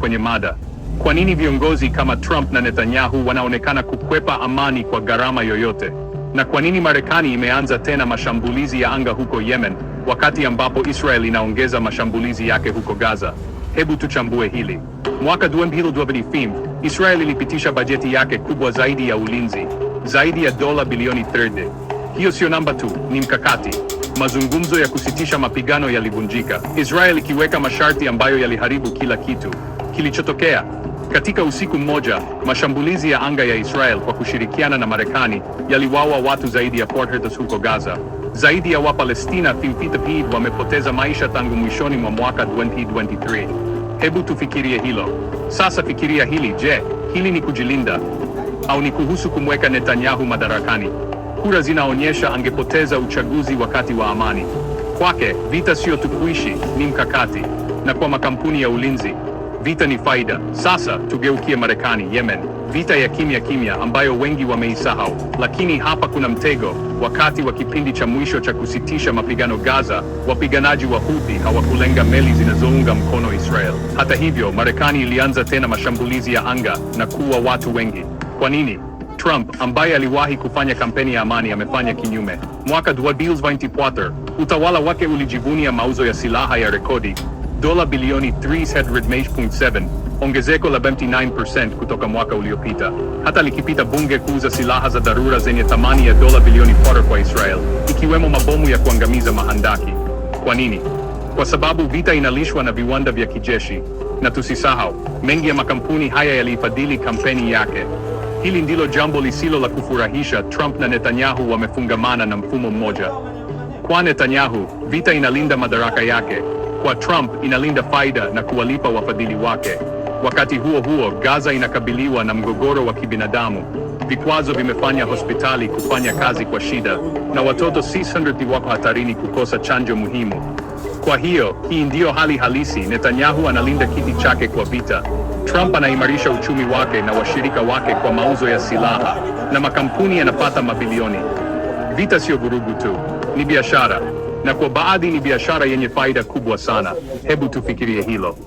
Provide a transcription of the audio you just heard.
kwenye mada: kwa nini viongozi kama Trump na Netanyahu wanaonekana kukwepa amani kwa gharama yoyote, na kwa nini Marekani imeanza tena mashambulizi ya anga huko Yemen wakati ambapo Israel inaongeza mashambulizi yake huko Gaza. Hebu tuchambue hili. Mwaka 2025 Israel ilipitisha bajeti yake kubwa zaidi ya ulinzi, zaidi ya dola bilioni 30. Hiyo sio namba tu, ni mkakati. Mazungumzo ya kusitisha mapigano yalivunjika, Israel ikiweka masharti ambayo yaliharibu kila kitu kilichotokea katika usiku mmoja. Mashambulizi ya anga ya Israel kwa kushirikiana na Marekani yaliwaua watu zaidi ya 400 huko Gaza. Zaidi ya Wapalestina 50,000 wamepoteza maisha tangu mwishoni mwa mwaka 2023. Hebu tufikirie hilo sasa. Fikiria hili. Je, hili ni kujilinda au ni kuhusu kumweka Netanyahu madarakani? Kura zinaonyesha angepoteza uchaguzi wakati wa amani. Kwake vita sio tukuishi ni mkakati, na kwa makampuni ya ulinzi Vita ni faida. Sasa tugeukie Marekani, Yemen, vita ya kimya kimya ambayo wengi wameisahau, lakini hapa kuna mtego. Wakati wa kipindi cha mwisho cha kusitisha mapigano Gaza, wapiganaji wa Houthi hawakulenga meli zinazounga mkono Israel. Hata hivyo, Marekani ilianza tena mashambulizi ya anga na kuua watu wengi. Kwa nini? Trump ambaye aliwahi kufanya kampeni ya amani amefanya kinyume. Mwaka 2024 utawala wake ulijivunia mauzo ya silaha ya rekodi dola bilioni 307.7, ongezeko la 29% kutoka mwaka uliopita, hata likipita bunge kuuza silaha za dharura zenye thamani ya dola bilioni 4 kwa Israel, ikiwemo mabomu ya kuangamiza mahandaki. Kwa nini? Kwa sababu vita inalishwa na viwanda vya kijeshi, na tusisahau, mengi ya makampuni haya yaliifadhili kampeni yake. Hili ndilo jambo lisilo la kufurahisha. Trump na Netanyahu wamefungamana na mfumo mmoja. Kwa Netanyahu, vita inalinda madaraka yake, kwa Trump inalinda faida na kuwalipa wafadhili wake. Wakati huo huo, Gaza inakabiliwa na mgogoro wa kibinadamu. Vikwazo vimefanya hospitali kufanya kazi kwa shida na watoto 600 wako hatarini kukosa chanjo muhimu. Kwa hiyo hii ndiyo hali halisi. Netanyahu analinda kiti chake kwa vita. Trump anaimarisha uchumi wake na washirika wake kwa mauzo ya silaha na makampuni yanapata mabilioni. Vita sio vurugu tu, ni biashara na kwa baadhi ni biashara yenye faida kubwa sana. Hebu tufikirie hilo.